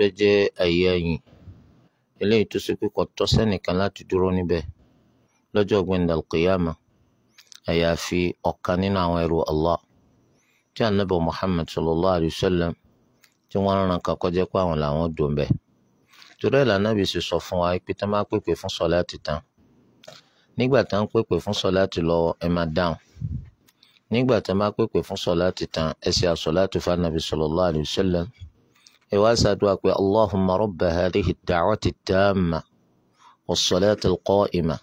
tó jẹ́ àyè ẹ̀yìn eléyìí tó ṣe pé kò tọ́ sẹ́nìkan láti dúró níbẹ̀ lọ́jọ́ gbẹ̀ndà alqiyama àyàfi ọ̀kan nínú àwọn ẹrú Allah tí anabi Muhammad sallallahu alayhi wa sallam tí wọ́n rán kakọ́ jẹ́ pé àwọn làwọn dùn bẹ́ẹ̀ torí ẹ̀ lànàbì sì sọ fún wa pé tá máa pèpè fún sọ̀láàtì tán nígbà tá ń pèpè fún sọ̀láàtì lọ́wọ́ ẹ máa dáhùn nígbà tá máa pèpè fún sọ̀láàtì tán ẹ ṣe àsọ̀láàtì fún anabi sallallahu alayhi wa sallam. إواسا دواك اللهم رب هذه الدعوة التامة والصلاة القائمة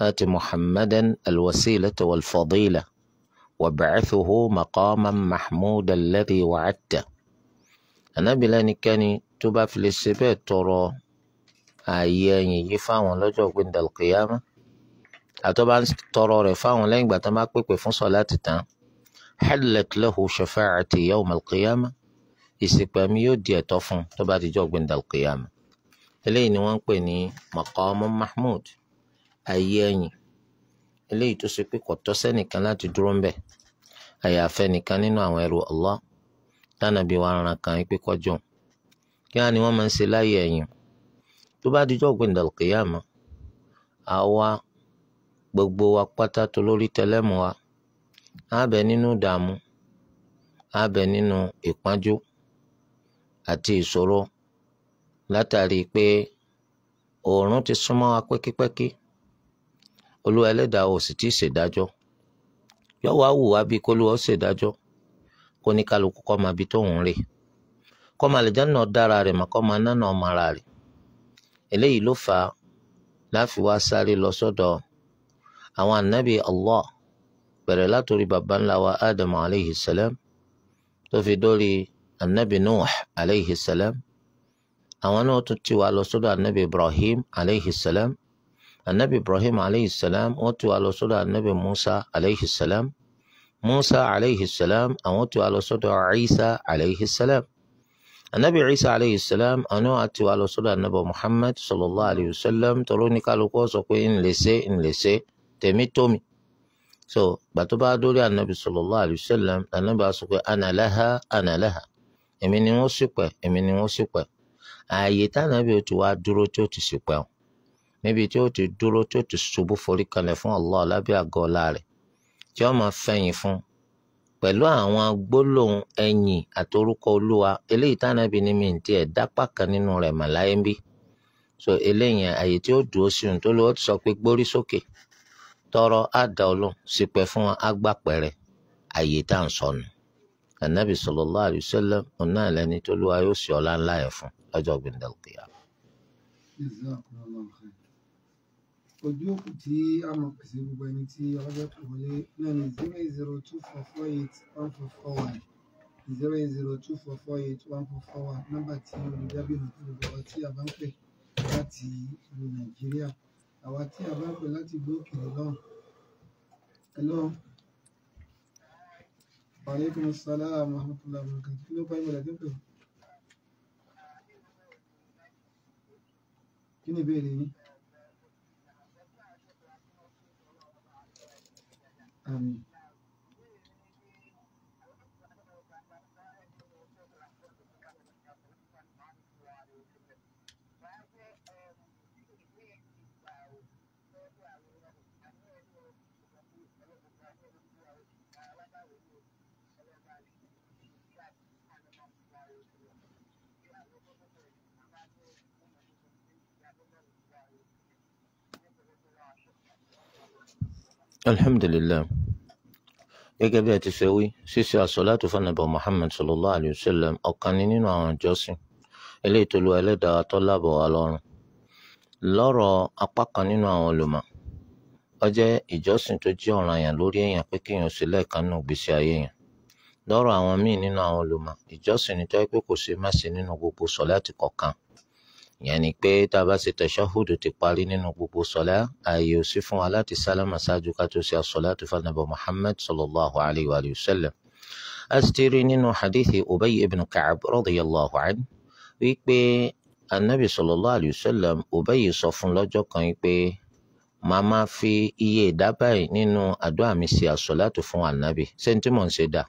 آت محمدا الوسيلة والفضيلة وابعثه مقاما محمودا الذي وعدته أنا بلا نكاني تبا في السبات ترى أيان يفهم ولجو عند القيامة أتبا ترى رفاهم لين بتمكوك في صلاة حلت له شفاعتي يوم القيامة ìsìnkú ẹ̀mí yóò di ẹ̀tọ́ fún un tó bá di jọ́ gbẹ̀ndà ni wọ́n ń pè ní mahmud ayé ẹ̀yìn eléyìí tó ṣe pé kò tọ́ sẹ́nìkan láti dúró ń bẹ̀ àyàfẹ́ nìkan nínú àwọn ẹrù wa kan pé kọjọ kí ni wọ́n máa ń ṣe láyé ẹ̀yìn tó bá di jọ́ àwa gbogbo wa pátá tó lórí wa á bẹ nínú ìdààmú á bẹ àti ìṣòro látàrí pé oòrùn ti súnmọ́ wa pẹ́kípẹ́kí olúwa ẹlẹ́dàá ò sì tí ì ṣèdájọ́ yọ̀wọ́ á wù wá bíi kólúwa ó ṣèdájọ́ kó ní kálukú kọ́ máa bi tóun rè kọ́ máa lè jẹ́ náà dára rẹ̀ màkọ́ máa ná náà mara rẹ̀ eléyìí ló fà á láfi wá sáré lọ sọ́dọ̀ àwọn ànábì Allah bẹ̀rẹ̀ látòrí baba ńlá wa Adam alayhi salam tó fi dórí anabi nuh aleyhi salam àwọn náà tún ti wá lọ sọ́dọ̀ anabi ibrahim aleyhi salam anabi ibrahim aleyhi salam wọ́n ti wá lọ sọ́dọ̀ anabi musa aleyhi salam musa aleyhi salam àwọn ti wá lọ sọ́dọ̀ isa aleyhi salam anabi isa aleyhi salam àwọn àti wá lọ sọ́dọ̀ anabi muhammad sallallahu alayhi wa sallam tọrọ ní kálukú sọ pé ń lè ṣe ń lè ṣe tèmi tómi so pe n le the n bá the gbato ba dori anabi sallallahu alayhi wa sallam anabi a sọ pé ana laha ana laha. èmi ni wọ́n ṣìpẹ̀ èmi ni wọ́n ṣìpẹ̀ ààyè tánàbí o ti wá dúró tí o ti ṣìpẹ̀ o níbi tí o ti dúró tí o ti ṣubú forí kalẹ̀ fún Allah lábẹ́ àgọ́ ọlá rẹ̀ tí ó máa fẹ̀yìn fún pẹ̀lú àwọn gbólóhùn ẹ̀yìn àtorúkọ olúwa eléyìí tánàbí ni mi ti ẹ̀ dápà nínú rẹ̀ màláyé ń bí so eléyìí àyè tí ó dúró sí ohun tó lọ́wọ́ ti sọ pé gbórí sókè tọrọ àdá ọlọ́run ṣìpẹ̀ fún agbápẹ̀rẹ̀ àyè tá ń sọnù anabi sallallahu alayhi wa sallam ọ̀nà ìlẹ́ni tó lúwa yóò ṣe ọlá ńlá yẹn fún lọ́jọ́ gbẹ̀ndẹ̀lùkìyà. ojú òkú tí a mọ̀ pèsè gbogbo ẹni tí ọlọ́jọ́ kò wọlé náà ní zero zero two four four eight one four four one zero zero two four four eight one four four one nọ́mbà tí olùdábìlì tó tí a bá ń pè láti ìlú nàìjíríà àwa tí a bá ń pè láti gbókè lọ́hùn. Aleykum salaam wa rahmatullahi wa barakatuh. Kí ló bá ìmọ̀lẹ̀ dípò? Kí ni ìbéèrè yín? Àmín. alhamdulillah gẹ́gẹ́ bí ẹ ti ṣe wí ṣíṣe àsọ̀látò fanabu muhammed sallallahu alayhi wa sallam ọ̀kan ni nínú àwọn ìjọsìn eléyìí tó lu ẹlẹ́dàá tó lábọ̀ wá lọ́rùn lọ́rọ̀ apá kan nínú àwọn olùmọ̀ ó jẹ́ ìjọsìn tó jẹ́ ọ̀ranyàn lórí èèyàn pé kéèyàn sì lẹ́ẹ̀kan nù gbèsè ayé èèyàn lọ́rọ̀ àwọn míì nínú àwọn olùmọ̀ ìjọsìn ni tó pé kò ṣe má ṣe nínú gbogbo sọ̀láàtì kọ̀ọ̀kan ìyẹn ni pé tá a bá ṣe tẹ̀ṣáhùdù ti parí nínú gbogbo sọlá ààyè ò sí fún wa láti sálámà ṣáájú ká tó ṣe àsọlátù fanabu muhammad sallallahu alayhi wa sallam a sì ti rí nínú hadithi ubay ibn ka'ab radiyallahu anhu wípé anabi sallallahu alayhi wa sallam ubay sọ fún lọ́jọ́ kan pé màá máa fi iye ìdá báyìí nínú àdúrà mi ṣe àsọlátù fún anabi ṣé n tí mò ń ṣe dà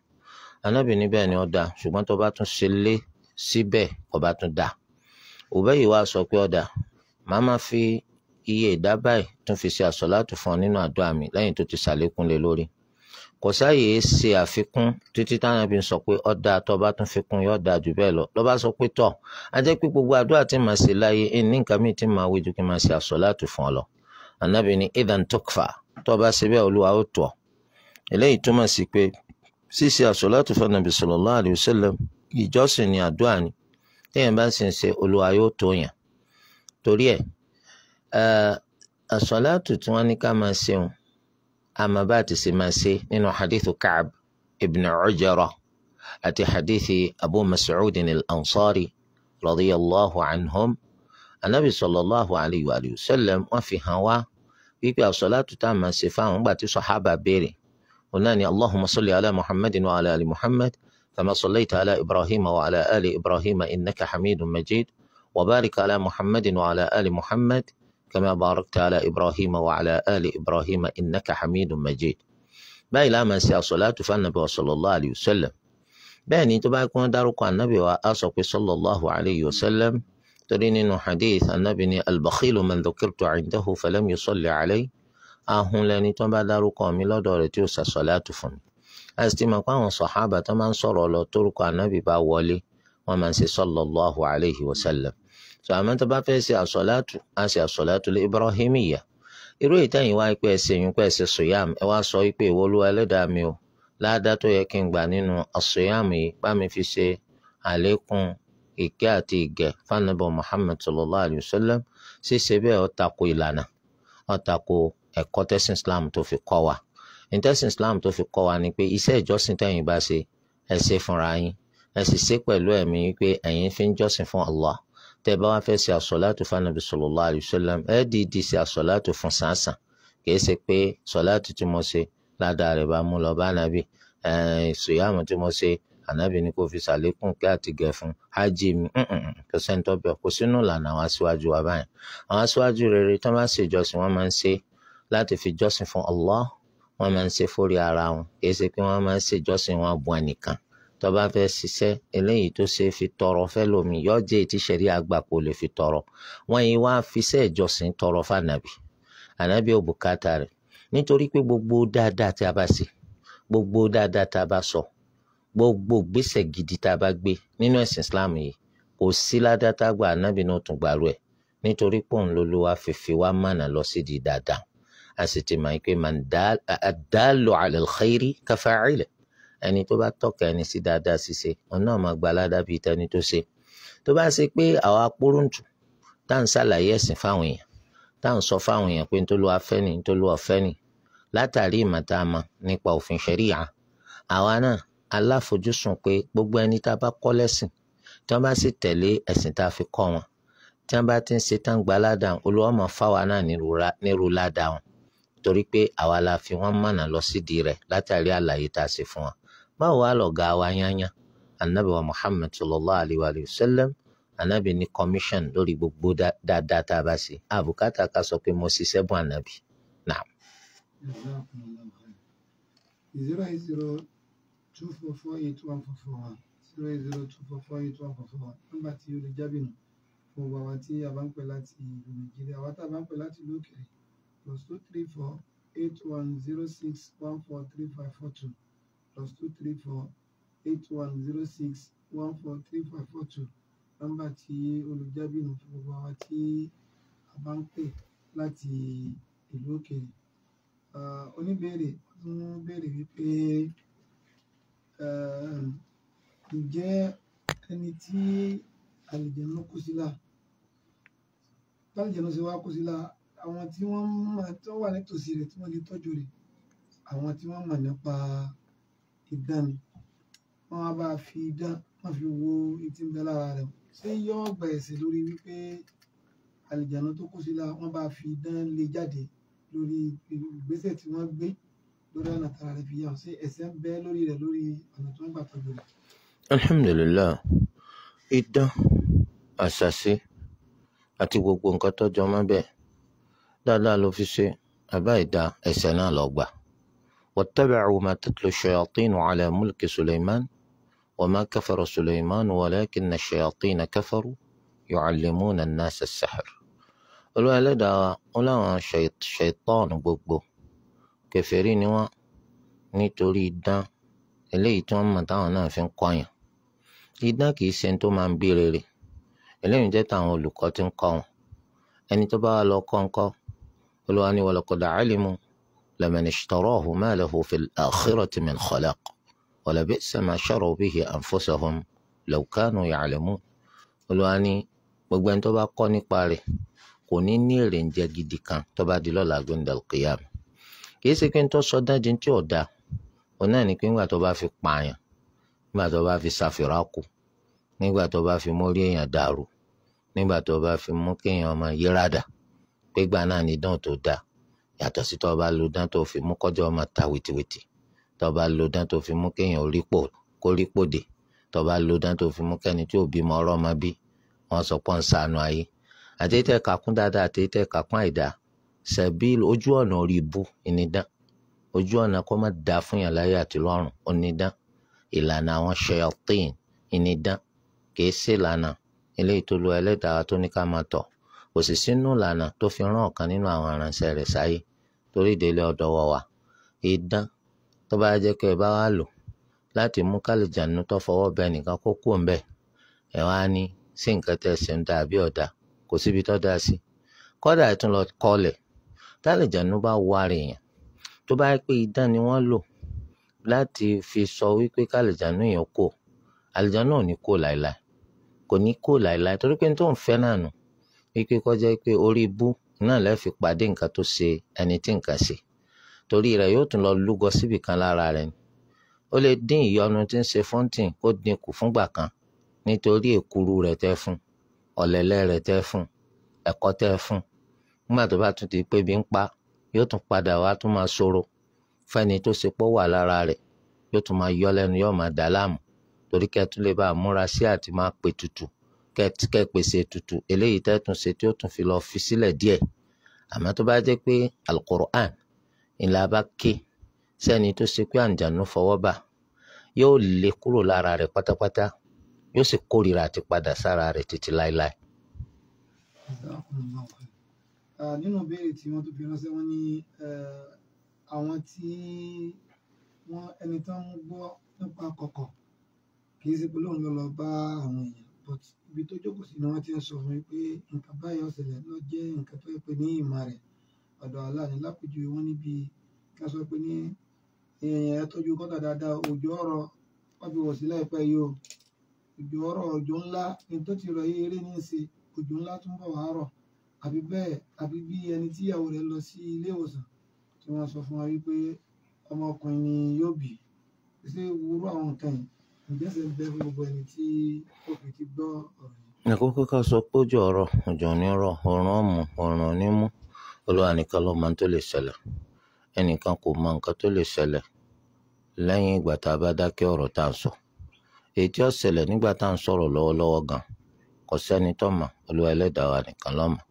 anabi níbẹ̀ ni ó dà ṣùgbọ́n tó bá tún ṣe lé síbẹ̀ kò tún dà. Ubayy wá sọ pé ọ̀dà màá máa fi iye ìdá báyìí tún fi ṣe àsọ̀láàtù fún ọ nínú àdúrà mi lẹ́yìn tó ti ṣàlékún lé lórí kò sáàyè ṣe àfikún títí táwọn ẹbí ń sọ pé ọ̀dà tó bá tún fi kún yóò dáa jù bẹ́ẹ̀ lọ lọ́ba sọ pé tọ̀ a jẹ́ pé gbogbo àdúrà tí màá ṣe láyé ní nǹkan míì tí màá wí ju kí màá ṣe àsọ̀láàtù fún ọ lọ ànábì ni idan tukfa tó ṣe bẹ́ẹ̀ olúwa ó tọ̀ eléyìí túmọ̀ sí pé ṣíṣe àsọ̀láàtù fún ànábì sallallahu alaihi wasallam ìjọsìn ni àdúrà ni téèyàn bá sì ń ṣe olúwa yóò tó yàn torí ẹ̀ àsọ̀látù eh, tí wọ́n ní ká máa ṣeun àmọ́ bá ti ṣe máa ṣe nínú hadithu Ka'b ibn Ujara àti hadithi Abu Mas'ud al-Ansari radiyallahu anhum anabi sallallahu alayhi wa sallam wọ́n fi hàn wá wípé àsọ̀látù tá a máa ṣe fáwọn gbà tí béèrè òun náà ni Allahumma salli ala Muhammadin wa ala ali Muhammad. كما صليت على ابراهيم وعلى ال ابراهيم انك حميد مجيد وبارك على محمد وعلى ال محمد كما باركت على ابراهيم وعلى ال ابراهيم انك حميد مجيد با الى من سي صلاه فالنبي صلى الله عليه وسلم بني تبا يكون دارك النبي واصك صلى الله عليه وسلم تريني حديث النبي البخيل من ذكرت عنده فلم يصلي علي اهون لاني تبا دارك ملا دارتي صلاه فن a sì ti mọ̀ pé àwọn sọ̀hábà tó máa ń sọ̀rọ̀ lọ tórúkọ ànábì bá wọlé wọ́n máa ń ṣe sallallahu alayhi wa sallam sọ àmọ́ tó bá fẹ́ ṣe àsọ̀látù á ṣe àsọ̀látù lé ibrahimiya irú ìtẹ̀yìn wá pé ẹ yín pé ẹ ṣe sòyàm wá sọ pé ìwọ olúwa ẹlẹ́dàá mi o láàdá tó yẹ kí n gbà nínú àsòyàm yìí bá mi fi ṣe àlékún ìkẹ́ àti ìgẹ̀ fánàbọ̀ Muhammad sallallahu alayhi wa sallam ṣíṣe bẹ́ẹ̀ ó ìlànà ó ẹ̀kọ́ tẹ́sìn Islam tó fi kọ́ wa ìtẹ́sìn Islam tó fi kọ́ wa ni pé iṣẹ́ ìjọsìn tẹ̀yin bá ṣe ẹ ṣe fúnra yín ẹ sì ṣe pẹ̀lú ẹ̀mí pé ẹ̀yin fi ń jọ́sìn fún Allah tẹ́ bá wá fẹ́ ṣe àsọ̀látò fanabi sallallahu alayhi wa sallam ẹ dìídì ṣe àsọ̀látò fún sàǹsàn kìí ṣe pé sọ̀látò tí mo ṣe ládàá rẹ̀ bá mú lọ bá nàbì ṣùyàmù tí mo ṣe ànábì ni kò fi ṣàlékún kí àti gẹ̀ fún hajj mi kò sẹ́ni bẹ̀ kó sínú ìlànà àwọn aṣíwájú wa báyìí àwọn aṣíwájú rere tó máa ń ṣèjọsìn wọn máa ń ṣe láti fi jọ́sìn fún Allah wọ́n máa ń ṣe fórí ara wọn kì í ṣe pé wọ́n máa ń ṣèjọ́sìn wọn bu ẹnìkan tó bá fẹ́ ṣiṣẹ́ eléyìí tó ṣe fi tọrọ fẹ́ lómi yọ jẹ́ ètí ṣẹ̀rí àgbà kò lè fi tọrọ wọ́n yìí wá fiṣẹ́ ìjọsìn tọrọ fànàbì ànábì ò bùkátà rẹ̀ nítorí pé gbogbo dáadáa tí a bá ṣe gbogbo dáadáa tá a bá sọ gbogbo gbèsè gidi tá a bá gbé nínú ẹ̀sìn Islam yìí kò sí ládàá tá a gba ànábì náà tún gbàrú ẹ̀ nítorí pòun lolúwa fífi wá mànà lọ sídìí dáadáa a sì ti mọ̀ pé ad-dallu ala al-khayri ka-fa'ilihi ẹni tó bá tọ́ka ẹni sí dáadáa ṣíṣe òun náà máa gba aládàá bíi tẹni tó ṣe tó bá ṣe pé àwọn apóròǹtù tá à ń ṣàlàyé ẹ̀sìn fáwọn èèyàn tá à ń sọ fáwọn èèyàn pé nítorí afẹ́ ni nítorí ọ̀fẹ́ ni látàrí ìmọ̀tàmọ̀ nípa òfin ṣẹ̀ríyà àwa náà aláfojúsùn pé gbogbo ẹni tá a bá kọ́ lẹ́sìn tí wọ́n bá sì tẹ̀lé ẹ̀sìn tá a fi kọ́ wọn tí wọ́n bá ti ń ṣe tán gbaládàá olúwa torí pé àwa la fi wọ́n mọ̀nà lọ sídìí rẹ̀ látàrí àlàyé tá a ṣe fún wọn. báwo wá lọ̀gá wa yányán anabi wa muhammed sallallahu alayhi wa sallam anabi ní commission lórí gbogbo dáadáa tá a bá ṣe àbùkátà ká sọ pé mo ṣiṣẹ́ bùn anabi. naam plus two three four eight one zero six one four three five four two plus two three four eight one zero six one four three five four two nọ́mbà tí olùjábí nù fún gbogbo àwa tí a bá ń pè láti ìlú òkèèrè oníbèrè tún béèrè wípé ǹjẹ́ ẹni tí àlìjẹ̀nú kú sílá tálìjẹ̀nú ṣe wá kú sílá àwọn tí wọ́n mọ̀ tó wà nítòsí rẹ̀ tí wọ́n lè tọ́jú rẹ̀ àwọn tí wọ́n mọ̀ nípa idán wọ́n á bá fi idán wọ́n fi wo etí ń bẹ lára rẹ̀ ṣé yọ́ gba ẹ̀sìn lórí wípé àlìjànú tó kó sí la wọ́n bá fi idán lé jáde lórí ìgbésẹ̀ tí wọ́n gbé lórí ọ̀nà tara rẹ̀ fi yà ṣé ẹ̀ṣẹ̀ ń bẹ lórí rẹ̀ lórí ọ̀nà tí wọ́n gbà tọ́jú rẹ̀. alhamdulillah idán àṣàṣe àti gbogbo nǹkan tó jọ bẹ́ẹ̀ dáadáa ló fi ṣe àbá ìdá ẹ̀ṣẹ̀ náà ló gbà. واتبعوا ما تتلو الشياطين على ملك سليمان وما كفر سليمان ولكن الشياطين كفروا يعلمون الناس السحر olùwàlẹ́dàá ọlọ́run ṣètọ́ọ̀nù gbogbo kèfèrí ni wọ́n nítorí idán eléyìí tí wọ́n mọ̀ táwọn náà fi ń kọ́yàn idán kìí ṣe tó máa ń bí rere eléyìí jẹ́ táwọn olùkọ́ tí ń kọ́ wọn ẹni tó bá lọ kọ́ olúwa ni walaqad alimu laman ishtarahu ma lahu fil akhirati min khalaq wala bi'sa ma sharu bihi anfusahum law kanu ya'lamun olúwa ni gbogbo ẹni tó bá kọ́ nípa rẹ̀ kò ní ní èrè ń jẹ gidi kan tó bá di lọ́la gbẹ̀ndẹ̀l qiyam kì í ṣe pé ń tó sọ dájú tí ò da òun ni pé ńgbà tó bá fi pààyàn nígbà tó bá fi ṣàfiráàkù nígbà tó bá fi mórí èèyàn dàrú nígbà tó bá fi mú kéèyàn ọmọ yíradà pé gbà náà ni dán tó dáa yàtọ̀ sí tó bá lo dán tó fi mú kọjọ́ ọmọ ta wìtìwìtì tó bá lo dán tó fi mú kéèyàn rípò kó rípò dé tó bá lo dán tó fi mú kẹ́ni tí ò bímọ ọ̀rọ̀ ọmọ bí wọ́n sọ pọ́n sànù ayé àtẹ̀tẹ̀ kakún dáadáa àtẹ̀tẹ̀ kakún àìdá sẹ̀bí ojú ọ̀nà orí ibú ìnídán ojú ọ̀nà kó má dáa fún yàn láyé àti lọ́run onídán ìlànà àwọn ṣẹ̀yọ̀tìn ìnídán kìí sí ìlànà ilé ìtòlú ẹlẹ́dàá tó ní ká máa tọ̀ kò sì sínú ìlànà tó fi rán ọ̀kan nínú àwọn aránṣẹ́ rẹ̀ sáyé torí ìdílé ọ̀dọ́wọ́ wa idán tó bá jẹ́ pé ẹ bá wà lò láti mú kálíjànú tó fọwọ́ bẹ nìkan kó kú ńbẹ ẹ wá ní sí nǹkan tẹ́ ṣe ń da àbí ọ̀dà kò síbi tó dáa sí kọ́dà ẹ lọ kọlẹ̀ tálíjànú bá wà rèèyàn tó bá pé idán ni wọ́n lò láti fi sọ wípé kálíjànú yẹn kò àlìjànú ò ní kó láìláì kò ní kó láìláì torí pé n tó ń fẹ́ náà wípé kọjá pé orí ibú náà lè fi pàdé nǹkan tó ṣe ẹni tí nǹkan ṣe torí rẹ̀ yóò tún lọ lúgọ síbì kan lára rẹ̀ ni ó lè dín ìyọnu tí ń ṣe fọ́ńtìn kó dín kù fúngbà kan nítorí èkuru rẹ̀ tẹ́ fún ọ̀lẹ́lẹ̀ rẹ̀ tẹ́ fún ẹ̀kọ́ tẹ́ fún nígbà tó bá tún ti pé bí ń pa yóò tún padà wá tún máa ṣòro fẹ́ni tó ṣe pọ́ wà lára rẹ̀ yóò tún máa yọ lẹ́nu yóò máa dà láàmú torí kẹ́tù lè bá múra sí àti máa pè tutù kẹ́ pèsè ètùtù eléyìí tẹ́ tún ṣe tí ó tún fi lọ fi sílẹ̀ díẹ̀ àmọ́ tó bá jẹ́ pé alukur'an ńlá bá ké sẹ́ni tó ṣe pé àǹjànú fọwọ́ bà yóò lè kúrò lára rẹ̀ pátápátá yóò sì kórìíra àti padà sára rẹ̀ títí láéláé. nínú ìbéèrè tí wọ́n tó fi ránṣẹ́ wọ́n ní àwọn tí wọ́n ẹni tó ń gbọ́ nípa kọ̀kọ̀ kì í ṣe pé lóun ló lọ bá àwọn èèyàn but ibi tó jókòó sí ni wọ́n ti ń sọ fún mi pé nǹkan báyọ̀ ṣẹlẹ̀ lọ jẹ́ nǹkan tó yẹ pé ní ìmọ̀ rẹ̀ ọ̀dọ̀ aláàánú lápèjúwe wọn níbi ká sọ pé ní èèyàn ẹ tọ́jú gọ́tà dáadáa òjò ọ̀rọ̀ wọ́n fi wọ̀ sí láìpẹ́ yìí o òjò ọ̀rọ̀ òjò ńlá ní tó ti rọ̀ yí eré ní ìsìn òjò ńlá tún bọ̀ wá rọ̀ àbí bẹ́ẹ̀ àbí bí ẹni tí ìyàwó rẹ̀ lọ sí ilé ìwòsàn tí wọ́n sọ fún wa wípé ọmọkùnrin ni yóò bí ṣé wúrú àwọn nǹkan yìí àkókò ká sọ pé ojú ọ̀rọ̀ òjò ní rọ̀ ọ̀ràn ọ̀mù ọ̀ràn ní mú olúwa nìkan ló mọ tó lè ṣẹlẹ̀ ẹnìkan kò mọ nǹkan tó lè ṣẹlẹ̀ lẹ́yìn ìgbà tá a bá dákẹ́ ọ̀rọ̀ tá à ń sọ èyí tí ó ṣẹlẹ̀ nígbà tá à ń sọ̀rọ̀ lọ́wọ́lọ́wọ́ gan kò sẹ́ni tó olúwa ẹlẹ́dàá wa nìkan ló mọ̀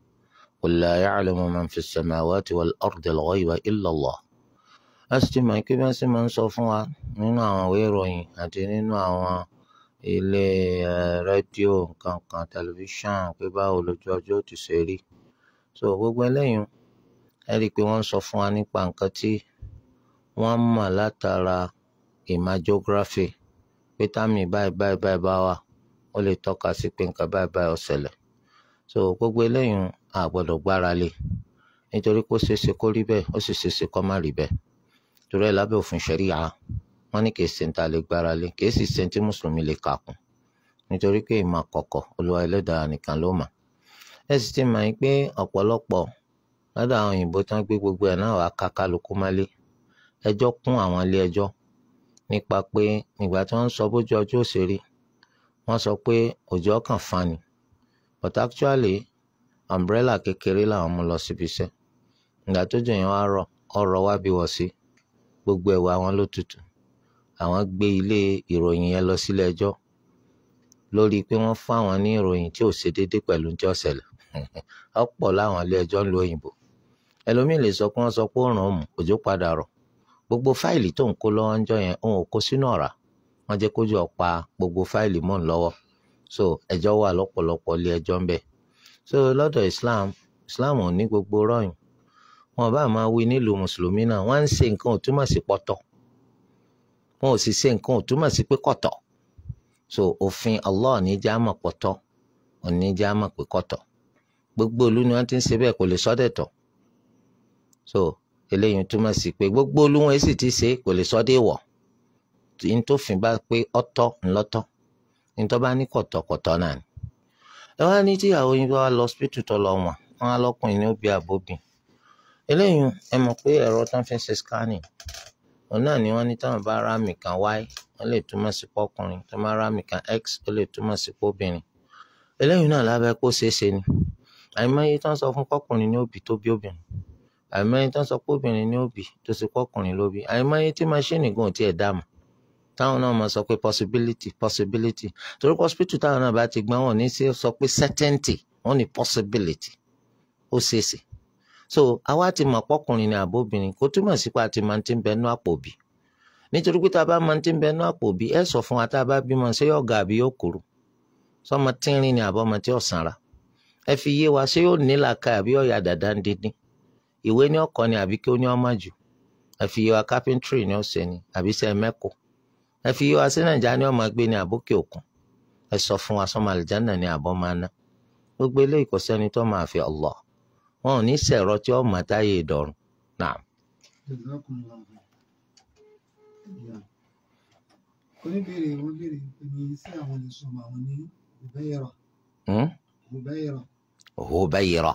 qul la ya'lamu man fi as-samawati wal-ardi al a sì ti mọ̀ pé bá ṣe máa ń sọ fún wa nínú àwọn ìwé ìròyìn àti nínú àwọn ilé rédíò nǹkan tẹlifíṣàn pé báwo lójú ọjọ́ ti ṣe rí so gbogbo eléyìí ẹ rí i pé wọ́n ń sọ fún wa nípa nǹkan tí wọ́n mọ̀ látara ìmájógráfì pé tàmí báyìí báyìí báyìí bá wà ó lè tọ́ka sí pé nǹkan báyìí báyìí ó ṣẹlẹ̀ so gbogbo eléyìí a gbọ́dọ̀ gbára lé nítorí pé ó ṣeé ṣe kó rí bẹ́ẹ̀ ó sì ṣeé ṣe kó má rí bẹ́ẹ̀ torí ẹ̀ lábẹ́ òfin ṣẹ̀ríà wọ́n ní kìí ṣe ń ta lè gbára lé kìí sì ṣe ń tí mùsùlùmí lè kàkùn nítorí pé ìmọ̀ kọ̀kọ̀ olúwa ẹlẹ́dàá nìkan ló mà ẹ sì ti mọ̀ pé ọ̀pọ̀lọpọ̀ lọ́dọ̀ àwọn òyìnbó tán gbé gbogbo ẹ̀ náà wàá ká kálukú málé ẹjọ́ kún àwọn ilé ẹjọ́ nípa pé nígbà tí wọ́n sọ bójú ọjọ́ òṣèré wọ́n sọ pé òjò ọkàn fani but actually umbrella kékeré làwọn mú lọ síbi iṣẹ́ ìgbà tó jẹ́ yẹn wá rọ̀ ọ̀rọ̀ wá bí wọ̀ sí. Si gbogbo ẹ̀wà wọn ló tutù àwọn gbé ilé ìròyìn yẹn lọ sílé ẹjọ́ lórí pé wọ́n fún àwọn ní ìròyìn tí ò ṣe déédéé pẹ̀lú ní ọ̀sẹ̀lẹ̀ ọ̀pọ̀ láwọn ilé ẹjọ́ ń lo òyìnbó ẹlòmíín lè sọ pé wọ́n sọ pé ó ràn mù òjò padà rọ̀ gbogbo fáìlì tó ń kó lọ́wọ́ ń yẹn òun ò kó sínú ọ̀rá wọ́n jẹ́ kójú ọ̀pá gbogbo fáìlì mọ́ ń so ẹjọ́ wà lọ́pọ̀lọpọ̀ ilé ẹjọ́ ń bẹ̀ so lọ́dọ̀ Islam Islam ò ní gbogbo rọ́yìn wọn bá máa wí nílùú mùsùlùmí náà wọ́n ń ṣe nǹkan ò túmọ̀ sí pọ̀tọ̀ wọn ò sì ṣe nǹkan ò túmọ̀ sí pé kọ̀tọ̀ so òfin Allah ní já mọ̀ pọ̀tọ̀ òní já mọ̀ pé kọ̀tọ̀ gbogbo olú ni wọ́n ti ń ṣe bẹ́ẹ̀ kò lè sọ́dẹ̀tọ̀ so eléyìí túmọ̀ sí pé gbogbo olú wọn sì ti ṣe kò lè sọ́dẹ̀ wọ̀ ní tó fin bá pé ọ̀tọ̀ ńlọ́tọ̀ ní tó bá ní kọ̀tọ̀kọ̀tọ̀ náà ni ẹ wá ní tíyàwó yín bá wá lọ hospital tó lọ wọ̀n wọ́n á lọ́kùnrin ní ó bí àbóbìn eléyìí ẹ mọ̀ pé ẹ̀rọ tán fi ń ṣe scanning òun náà ni wọ́n ní táwọn bá ra kan y wọ́n lè túmọ̀ sí pọ́kùnrin tó máa ra àmì kan x ó lè túmọ̀ sí pọ́bìnrin eléyìí náà lábẹ́ kó ṣeé ṣe ni àìmọye tán sọ fún pọ́kùnrin ní òbí tó bí obìnrin àìmọye tán sọ pọ́bìnrin ní òbí tó ṣe pọ́kùnrin ló àìmọye tí máṣíìnì gùn tiẹ̀ dààmú táwọn náà máa sọ pé possibility possibility torí hospital táwọn náà bá ti gbọ́n wọn ní sọ pé certainty wọ́n ní possibility ó ṣeé ṣe so àwa ti mọ̀ pọ́kùnrin ni àbóbìnrin kò túmọ̀ sí pé a ti máa ti ń bẹ nú àpò bí nítorí pé tá a bá máa ti ń bẹ nú àpò bí ẹ sọ fún wa tá a bá bímọ ṣé yóò ga àbí yóò kúrú sọmọ tínrín ni àbọ̀mọ tí yóò sanra ẹ fi yé wa ṣé yóò nílà ka àbí yóò ya dàda ń dín ìwé ni ọkọ ni àbí kí ó ní ọmọ jù ẹ fi yé wa carpentry ni ó ṣe ni àbí ṣe mẹ́kọ̀ọ́ ẹ fi yé wa sí nàìjíríà ni ọmọ gbé ni àbókè òkun ẹ sọ fún wa sọmọ àlìjáná ni àbọ̀ máa ná gbogbo eléyìí kò sẹ́ni tó máa fi Allah wọn ò ní sẹ̀rọ tí ó mọ̀ táyé ìdọ̀rùn náà. oníbèrè wọn béèrè pé ní sí àwọn lè sọmọ àwọn ní Hubayra. Hubayra. Hubayra.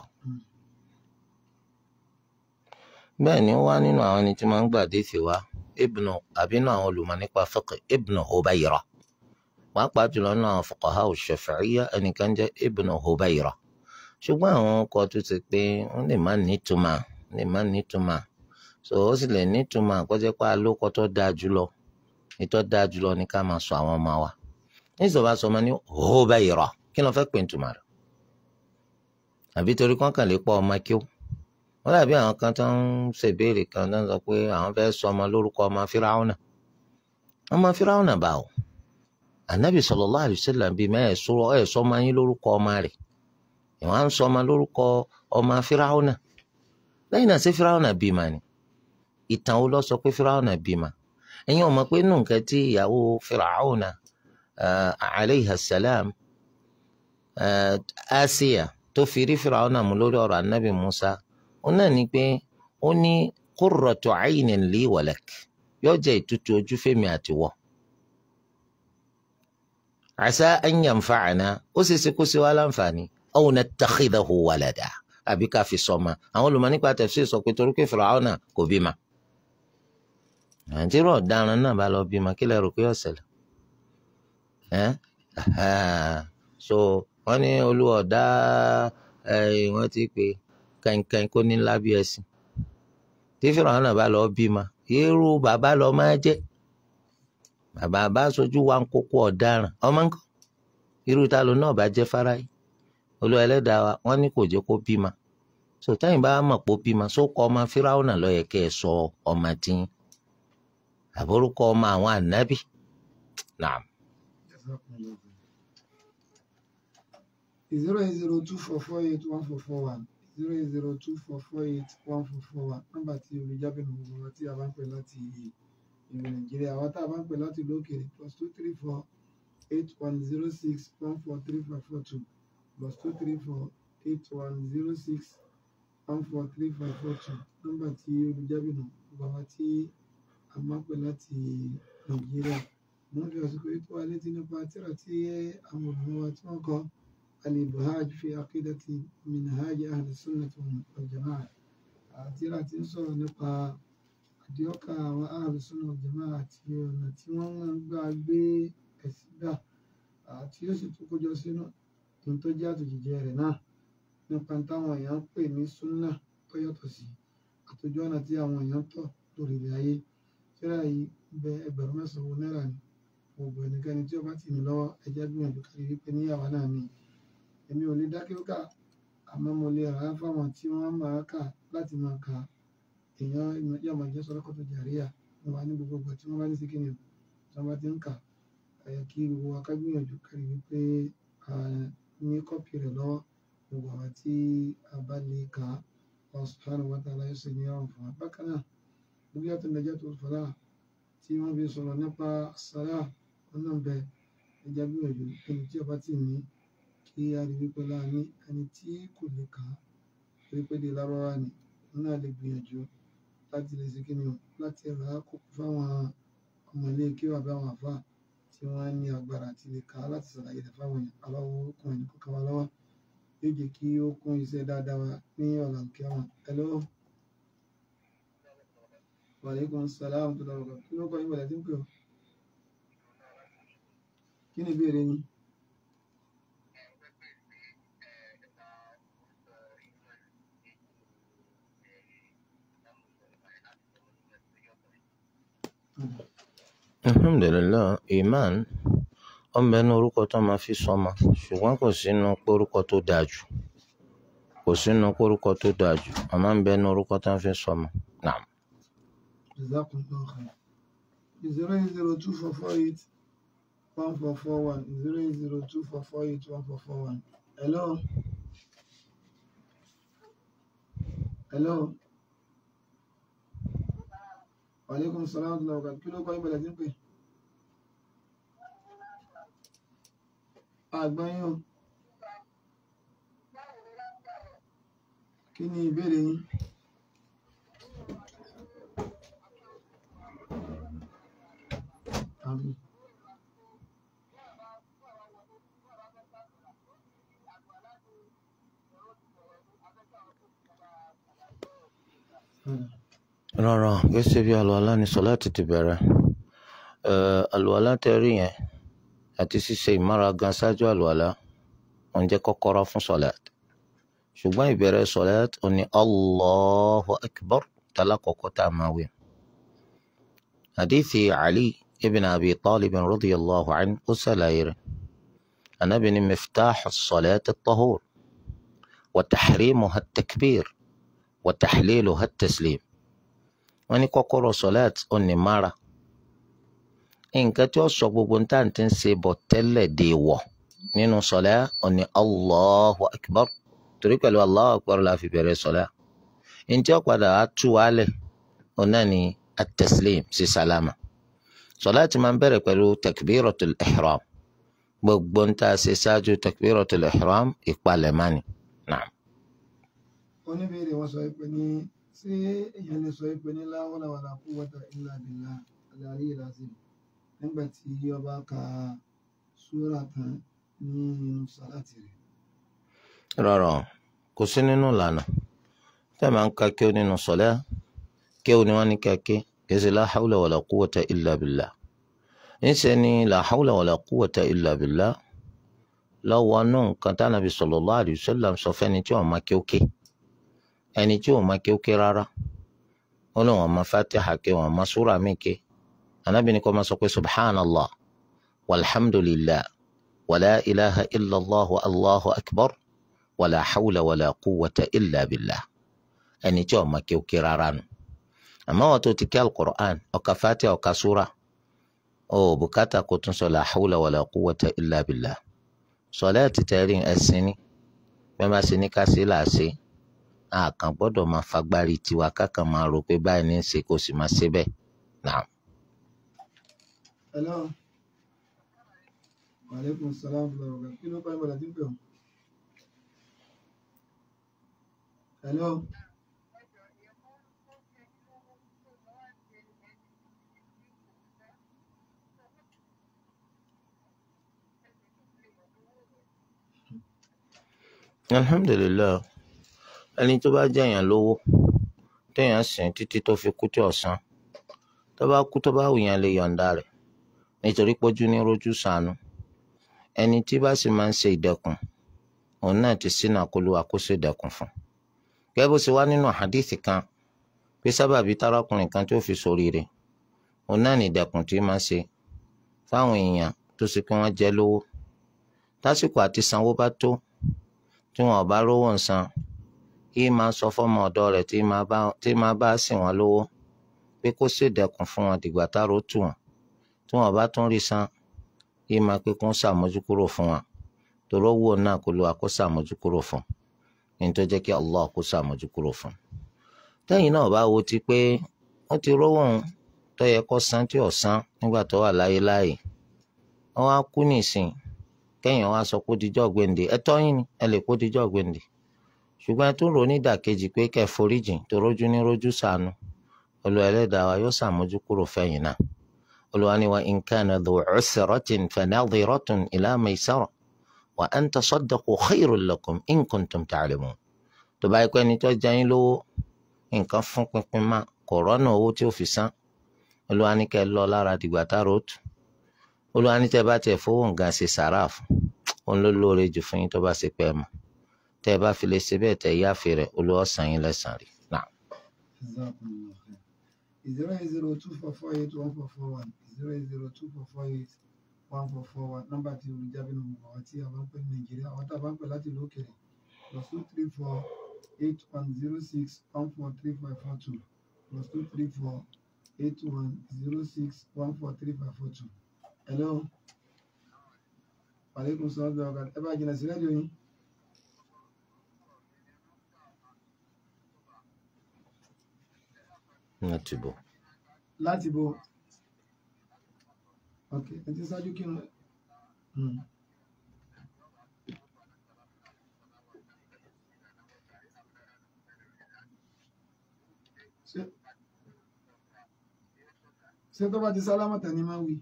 bẹ́ẹ̀ ni won wá nínú àwọn ẹni tí won ń olùmọ̀ de sí wa ibnu àbínú àwọn olùmọ̀ nípa fiqh ibnu pàtó a pàtó lọ́nà àwọn fuqaha ash-Shafi'iyya ẹnìkan jẹ́ ibnu Hubayra. ṣùgbọ́n àwọn ọkọ̀ tó ti pé wọ́n lè má nítumọ̀ lè má nítumọ̀ so ó sì lè nítumọ̀ àkọ́jẹ́ pé alókọ̀ tó dáa jùlọ ìtọ́ dáa jùlọ ni ká máa sọ àwọn ọmọ wa níṣọba sọmọ ní hóbá ìrọ̀ kí ló fẹ́ pè nítumọ̀ rẹ̀ àbí torí kán kàn lè pọ̀ ọmọ kí ó wọ́n dàbí àwọn kan tó ń ṣèbéèrè kan tó ń sọ pé àwọn fẹ́ sọ ọmọ lórúkọ ọmọ fíráúnà ọmọ fíráúnà bá o ànábì sallallahu alaihi wasallam bíi mẹ́ẹ̀ẹ́sọ́ ọmọ yín lórúkọ ọmọ rẹ̀ ìwọ́n á ń sọ ọmọ lórúkọ ọmọ fíráhùnà lẹ́yìn náà ṣé fíráhùnà bímọ ni ìtàn ó lọ sọ pé fíráhùnà bímọ ẹ̀yin ọmọ pé nù nǹkan tí ìyàwó fíráhùnà eh, alayha salam eh, asiya tó fi rí fíráhùnà mú lórí ọ̀rọ̀ anabi musa ó náà ni pé ó ní qurratu aynin li walak yóò jẹ́ ìtútù ojú fèmi àtiwọ́ asa an yanfa'ana ó ṣeéṣe kó ṣe wá láǹfààní aw nattakhidhahu walada àbí ká fi sọmọ àwọn olùmọ̀ nípa tafsir sọ pé torí pé Fir'auna kò bímọ nàìjíríà ọ̀daràn náà bá lọ bímọ kí lẹ rò pé ó so wọn ní olúwa ọdá wọn ti pè kẹ̀kẹ́ kó ní lábí ẹsìn tí Fir'auna bá lọ bímọ irú bàbá lọ máa jẹ bàbá bá sojú wa ń kókó ọ̀daràn ọmọ nǹkan irú ta ló náà bá jẹ fáráyé olúwa ẹlẹ́dàá wa wọ́n ní kò jẹ́ kó bímọ so táyìn bá mọ̀ pé ó bímọ só kọ ọmọ fíráwọ̀nà ló kẹ́ ẹ sọ ọmọ dín àbórúkọ ọmọ àwọn ànábì naam. zero eight zero two four four eight one four four one zero eight zero two four four eight one four four one nọ́mbà tí olùjábẹ nù gbogbo tí a bá ń pè láti ìlú nàìjíríà àwọn tá a bá ń pè láti ìlú plus two three four eight one zero six one four three five four two plus two three four eight one zero six one four three five four two nọ́mbà tí olùjábí nù bàbá tí a máa pè láti nàìjíríà mo ń fi àsìkò yìí tó wà létí nípa tíra tí àwọn olùmọ̀ wa tí wọ́n kọ alibahaj fi akidati minhaj ahli sunnati wal jamaa tíra tí ń sọ̀rọ̀ nípa àdéhọ́kà àwọn ahli sunnati wal jamaa àti ọ̀nà tí wọ́n ń gbà gbé ẹ̀sìn gbà tí ó sì tún kójọ sínú ní tó jẹ́ àtòjìjẹ rẹ̀ náà nípa táwọn èèyàn ń pè ní súnà tó yàtọ̀ sí àtòjú ọ̀nà tí àwọn èèyàn tọ̀ lórí ilẹ̀ ayé tíra yìí bẹ ẹgbẹ̀rún mẹ́sàn-án náírà ni gbogbo ẹnikẹ́ni tí ó bá tì mí lọ́wọ́ ẹjẹ́ gbìyànjú kárí wípé níyàwó náà ni èmi ò lè dá kíkà àmọ́ mo lè rà á fáwọn tí wọ́n máa kà láti máa kà èèyàn yóò jẹ́ sọ́dọ́kọ̀ tó jàríyà wọn wá ní gbogbo ìgbà tí wọ́n bá ní sí kíni tí wọ́n bá ti ń kà kí gbogbo wa kárí wípé ní kọ́pì rẹ̀ lọ́wọ́ gbogbo àwọn tí a bá lè kà á wọn subhanahu wa ta'ala yóò sì ní ọ̀rùn fún wa bákan náà gbogbo yàtọ̀ lẹ́jọ́ tó fọlá tí wọ́n fi sọ̀rọ̀ nípa sàrà ọ̀nà bẹ ẹja gbìyànjú ẹni tí ọba ti ní kí a rí wípé láàrin ẹni tí kò lè kà wípé di lárọ́wá ni wọn náà lè gbìyànjú láti lè ṣe kí ni o láti rà á fáwọn ọmọ ilé kí wàá bá wọn fà á tí wọ́n ní agbára àti lè kà á láti ṣàlàyé rẹ̀ fáwọn èèyàn aláwọ̀ orúkọ ẹni kọ̀ọ̀kan wa lọ́wọ́ yóò jẹ́ kí ó kún iṣẹ́ dáadáa wa ní ọ̀la òkè àwọn hello. wàlẹ́kùn sàlámù tó lọ́wọ́ kí ló kọ́ ìbẹ̀rẹ̀ tí ń pè ọ́ kí ni ìbéèrè yín. alhamdulillah iman ọmọ ẹnu orúkọ tó máa fi sọmọ ṣùgbọ́n kò sínú orúkọ tó dáa jù kò sínú orúkọ tó dáa jù ọmọ orúkọ fi sọmọ náà. zero zero two four four eight one four four hello hello. aleykum salaam tó lọ́wọ́ kí ló kọ́ ìbẹ̀lẹ̀ tí ń pè. àgbáyé kí ni ìbéèrè yín. Amin. Hmm. Rárá, gẹ́gẹ́ bí àlùwàlá ni sọ̀láàtì ti bẹ̀rẹ̀. Àlùwàlá tẹ rí yẹn àti ṣíṣe mara gan ṣáájú àlùwàlá wọ́n jẹ́ kọ́kọ́rọ́ fún sọ̀láàtì. Ṣùgbọ́n ìbẹ̀rẹ̀ sọ̀láàtì ò ní Allahu Akbar tálákọ̀ọ́kọ́ tá a máa wí. Hadithi Ali ibn Abi Talib radiyallahu anhu ó ṣàlàyé rẹ̀. Ànábì ní miftahu sọ̀láàtì at-tahur wa tahrimuha at-takbir wa tahliluha at-taslim. wọ́n ní kọ́kọ́rọ́ sọ̀láàt onímára nǹkan tí ó sọ gbogbo ní tàǹtí ń ṣe bọ̀ tẹ́lẹ̀ dé wọ̀ nínú sọ̀lá oní Allahu akbar torí pẹ̀lú Allahu akbar la fi bẹ̀rẹ̀ sọ̀lá ǹjẹ́ ọ̀padà á tú wa lẹ̀ ọ̀nà ni at-taslim sí sálámà sọ̀lá máa ń bẹ̀rẹ̀ pẹ̀lú takbiratul ihram gbogbo ń tá ṣe ṣáájú takbiratul ihram ìpalẹ̀mánì. oníbèrè wọn sọ pé ní ṣé èèyàn lè sọ pé ní láwọ́lá wà lápò wọ́tà ilà bìlà alárí ìlàsìn nígbà tí ọba ka súrà kan ní inú sàláàtì rẹ̀. rọrọ kò sí nínú ìlànà tẹ́ máa ń ka kí ó nínú sọ̀lẹ́ kí ó ní wọ́n ní kẹ́kẹ́ kì í ṣe láhàúlẹ̀ wà lápò wọ́tà ilà bìlà níṣẹ́ ni làhàúlà wàlà kúwọ̀tà ìlà bìlá lọ́wọ́ náà nǹkan tánàbí sallallahu alaihi wasallam sọ fẹ́ni tí wọ́n máa kí ó ké. Okay ẹni tí ò mọ kí ó ké rárá ó lóun ọmọ fatiha ké wọn ọmọ súra mi ké anábì kó máa sọ pé subhanallah walhamdulillah wàlá ilaha illallah wa allahu akbar wàlá hawla wàlá quwwata illa bila ẹni tí ò mọ kí ó ké rárá nu àmọ́ wọn tó ti o mo ke o ke rara nu amo won to ti ke alukur'an ọ̀ka ka fatiha ọ̀ka ka súra ó bùkátà kó tún sọ la hawla wàlá quwwata illa bila sọlá ti tẹ̀rín ẹ̀sìn ni bẹ́ẹ̀ máa ṣe ní ká sí làásì. a kàn gbọ́dọ̀ máa fagbárí tiwa kákan máa rò pé báyìí ní í ṣe kó sì máa ṣe bẹ́ẹ̀ náà. hello maaleykum salaam ọ̀gá kí ló bá ìbàdàn tí ń hello. alhamdulilayi ẹni tó bá jẹ èèyàn lówó téèyàn sìn títí tó fi kú tí ọ̀sán tó bá kú tó bá wù yẹn lè yọ̀ǹda rẹ̀ nítorí pójú ní rojú sànú ẹni tí bá sì máa ń ṣe ìdẹ̀kùn òun náà ti sínú àkólú àkóso ìdẹ̀kùn fún gẹ́gẹ́ bó ṣe wá nínú àdìsí kan pé sábàbí tárákùnrin kan tó fi ṣoríire òun náà ní ìdẹ̀kùn tí máa ṣe fáwọn èèyàn tó ṣe pé wọ́n jẹ lówó tásìkò àti sanwó bá tó tí wọn ò bá rówó ń san yìí máa sọ fọ́mọ ọ̀dọ̀ rẹ̀ tí máa bá sìn wọ́n lówó pé kó ṣèdẹ̀kùn fún wọn dìgbà táró tù wọ́n tí wọ́n bá tún rí san yìí máa pé kó ń ṣàmójúkúrò fún wọn torí owó náà kó lu àkó ṣàmójúkúrò fún ní tó jẹ́ kí Allah kó ṣàmójúkúrò fún. tẹ́yìn náà bá wo ti pé wọ́n ti rówó òun tó yẹ kó san tí ò san nígbà tó wà láyé láàyè wọ́n á kú nìsín kẹ́yìn wọ́n á sọ kó dijọ́ gbèǹde ẹ̀tọ́ yín ni ẹ lè kó dijọ́ gbèǹde ṣùgbọ́n ẹ tún rò ní ìdàkejì pé kẹ́ foríjìn tó rójú ní rójú ṣàánú Olúwa ẹlẹ́dàá wa yóò ṣàmójúkúrò fẹ́yìn náà Olúwa ní wa in kana dhu usratin fanadhiratun ila maysara wa an tasaddaqu khayrun lakum in kuntum ta'lamun tó bá yẹ pé ẹni tó jẹ yín lówó nǹkan fún pinpin má kò rọ́nà owó tí ó fi san Olúwa ní kẹ́ lọ lára dìgbà tá ròótù Olúwa ní tẹ́ bá tẹ̀ fowó nǹkan ṣe sàráà fún òun ló lóore jù fún yín tó bá ṣe pẹ́ mọ́ tẹ́ ẹ bá fi lè ṣe bẹ́ẹ̀ tẹ́ yáfe rẹ̀ olùwọ́ san yín lẹ́san rí. zero eight zero two four four eight one four four one zero eight zero two four four eight one four four one nọ́mbà tí olùjábí nù mọ àwọn tí nàìjíríà àwọn tá a bá ń pè láti ìlú òkèèrè plus two three four eight one zero six one four three five four two plus two three four eight one zero six one four three five four two. hello. wàlẹ́kùn sọ́dọ̀ ọ̀gá ẹ bá jìnnà sí rẹ́díò yín. láti bọ̀. láti bọ̀ ok ẹ ti ṣáájú kí n. Hmm. ṣé tó bá ti sálámà tán ni máa wí.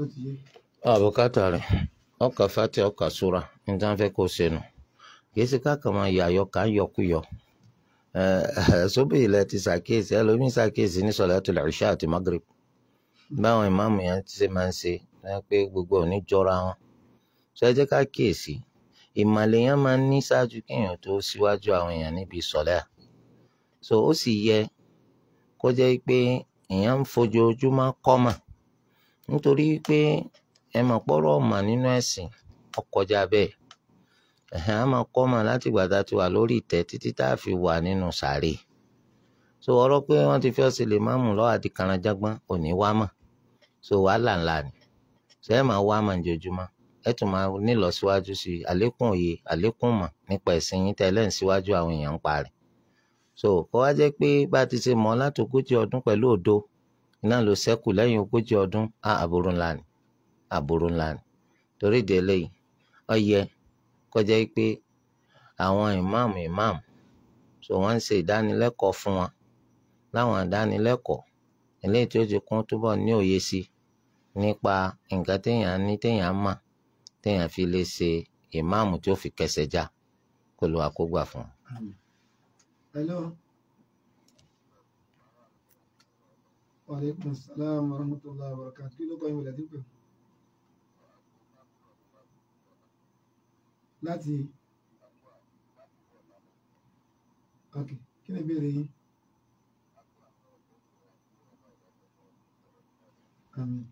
ó ti yé ó àbùkátà rẹ̀ ọkà fati ọkà sura níta fẹ́ kó ṣe nù kìí ka káàkà ya yọ àyọkà ń ti ṣàkíyèsí elomi ṣàkíyèsí ní sọ̀látul ìṣá àti magrib báwọn ìmáàmù yẹn ti ṣe máa ń ṣe pé gbogbo ò ahụ, jọra wọn ká kíyèsí yẹn máa ń ní ṣáájú kéèyàn tó síwájú àwọn èèyàn níbi so ó sì yẹ kó jẹ́ pé èèyàn ń fojoojúmọ́ kọ́mà nítorí pé ẹ mọ̀ pọ́rọ̀ ọ̀mà nínú ẹ̀sìn ọkọjá bẹ́ẹ̀ ẹ̀hìn a máa kọ́ mà láti ìgbà tá a ti wà lórí ìtẹ́ títí tá a fi wà nínú sàárè so ọ̀rọ̀ pé wọ́n ti fi ọ̀sẹ̀ lè má mú lọ́wọ́ àti kànáńjágbọ́n òní wá mà so wàhálà ńlá ni so ẹ máa wá mà njojúmọ́ ẹ tún máa nílọ síwájú sí i àlékún òye àlékún mà nípa ẹ̀sìn yín tẹ́lẹ̀ ń síwájú àwọn èèyàn ń parẹ́ so kó wá jẹ́ pé bá a ti ṣe mọ̀ látògójì ọdún pẹ̀lú òdo iná ló ṣẹ́kù lẹ́yìn ogójì ọdún á àbúrò ńlá ni aburú ńlá ni torí ìdí eléyìí ó yẹ kó jẹ́ pé àwọn ìmáàmù ìmáàmù so wọ́n ń ṣe ìdánilẹ́kọ̀ọ́ fún wọn láwọn ìdánilẹ́kọ̀ọ́ eléyìí tí ó ti kún túbọ̀ ní òye sí nípa nǹkan téèyàn ní téèyàn mà téèyàn fi lè ṣe ìmáàmù tí ó fi kẹsẹ̀ já kó lo àkógbà fún wọn. hello. Wa alaikum salaam wa rahmatullahi wa barakatuh. Kí ló kọ́ ìwé lẹ́dí láti ok kí ni ìbéèrè yín. Àmín.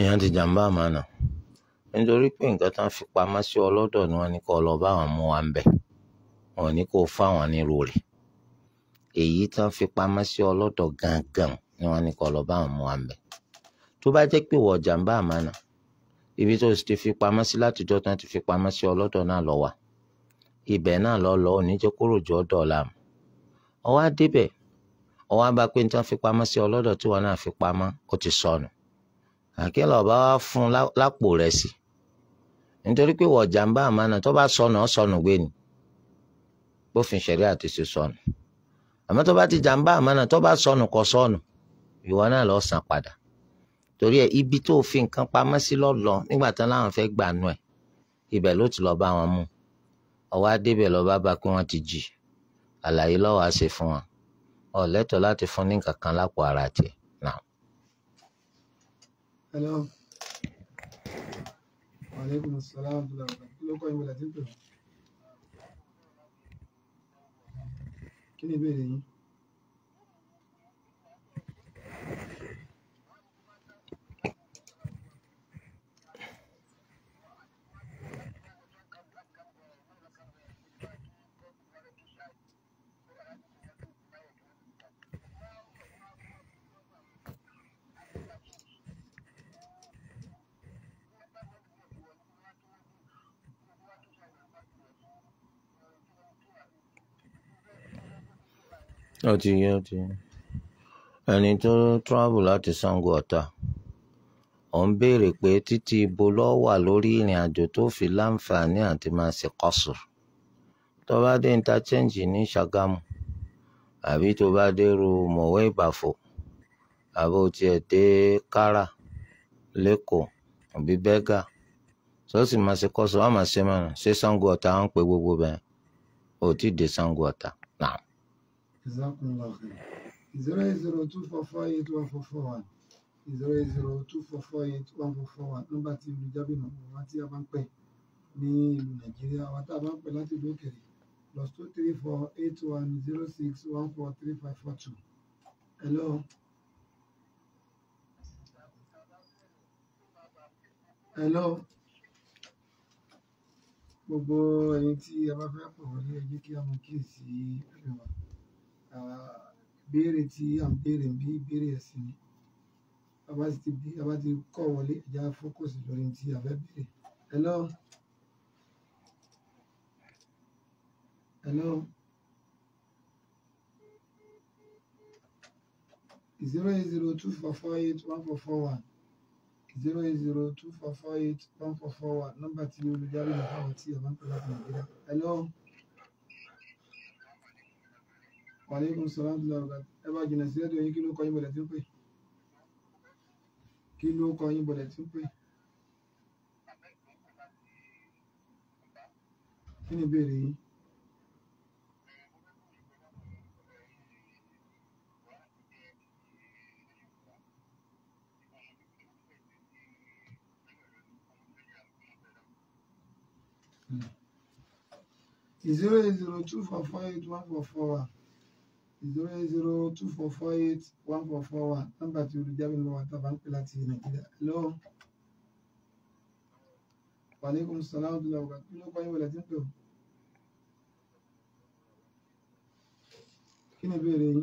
èèyàn ti jàǹbá àmàna nítorí pé nǹkan tán fi pamọ́ sí ọ ni wọ́n ní kó lọ bá àwọn mú wa ń bẹ̀ fi pamọ́ sí gangan ni wọ́n ní kó lọ bá àwọn mú wa ń bẹ̀ tó bá jẹ́ pé wọ́n jàǹbá àmàna ibi tó ti fi pamọ́ sí látijọ́ tán ti fi pamọ́ sí náà lọ wà ibẹ̀ náà lọ àkìlọ̀ bá wá fún lápò rẹ̀ sí nítorí pé wọ̀jà ń bá àmàna tó bá sọnù ọ́ sọnù gbé ni bófin ṣẹ̀rí àti ṣe sọnù àmọ́ tó bá ti jà ń bá àmàna tó bá sọnù kọ sọnù ìwọ náà lọ san padà torí ẹ ibi tó fi nǹkan pamọ́ sí lọ́lọ́ nígbà tán láwọn fẹ́ gbà nù ẹ̀ ibẹ̀ ló ti lọ́ọ́ bá wọn mú ọwọ́ adébẹ̀ lọ́ọ́ bá ba pé wọ́n ti jì àlàyé lọ́wọ́ á ṣe fún wọn ó lẹ́tọ̀ọ́ láti fún ní nǹkan kan lápò ara tiẹ̀ hello aleykum salaam abdullahi kí ló kọ́ ìwé láti pè kí ni ìbéèrè yín. ó ti yé ó ti yé ẹni tó travel láti Sango Ọ̀tà ó ń béèrè pé títí ibo ló wà lórí ìrìn àjò tó fi láǹfààní àti máa ṣe kọ́sùr tó bá dé interchange ní Ṣàgámù àbí tó bá dé ru mọ̀wé ìbàfò àbó tiẹ̀ dé kára lẹ́kọ̀ọ́ àbí bẹ́gà tó sì máa ṣe kọ́sùr wọ́n máa ṣe mọ́nà ṣé Sango Ọ̀tà ń pe gbogbo bẹ́ẹ̀ ò tí dé Sango Ọ̀tà náà. Jazakumullah khair. Zero eight zero two four four eight one four four one zero eight zero two four four eight one four four one nọ́mbà tí ìlú jábìnà wá tí a bá ń pè ní ìlú Nàìjíríà wá tá a bá ń pè láti ìlú òkèèrè plus two three four eight one zero six one four three five four two. Hello. Hello. Gbogbo ẹ̀yin tí a bá fẹ́ pọ̀ wọlé ẹ jẹ́ kí a mú kíyèsí ẹ̀rọ wa ìbéèrè tí à ń béèrè bí ìbéèrè ẹ̀sìn ni bàbá ti bí bàbá ti kọ́ wọlé ẹ̀já fókòsì lórí ti àfẹ́ béèrè hello hello zero eight zero two four four eight one four four one zero eight zero two four four eight one four four one nọ́mbà tí olùdarí ìfọwọ́ tí ọ̀bá ń pè nàìjíríà hello. hello? wàlẹ́kùn sàlámù lọ́wọ́ ẹ bá jìnnà sí ẹ̀dùn yín kí ló kọ́ yín bọ̀lẹ̀ tí ń pè kí ló kọ́ yín bọ̀lẹ̀ tí ń pè kí ni ìbéèrè yín. Hmm. zero zero two four four eight one four four one zero eight zero two four four eight one four four one nọ́mbà tí olùjábẹ lọ́wọ́ àtàbà ń pè láti nàìjíríà hello. wàlẹ́kùn sàlámù tó lọ́wọ́ kí ló pààyàn wọlé tí ń pè ọ́. kí ni ìbéèrè yìí.